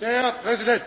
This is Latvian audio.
Der Herr Präsident!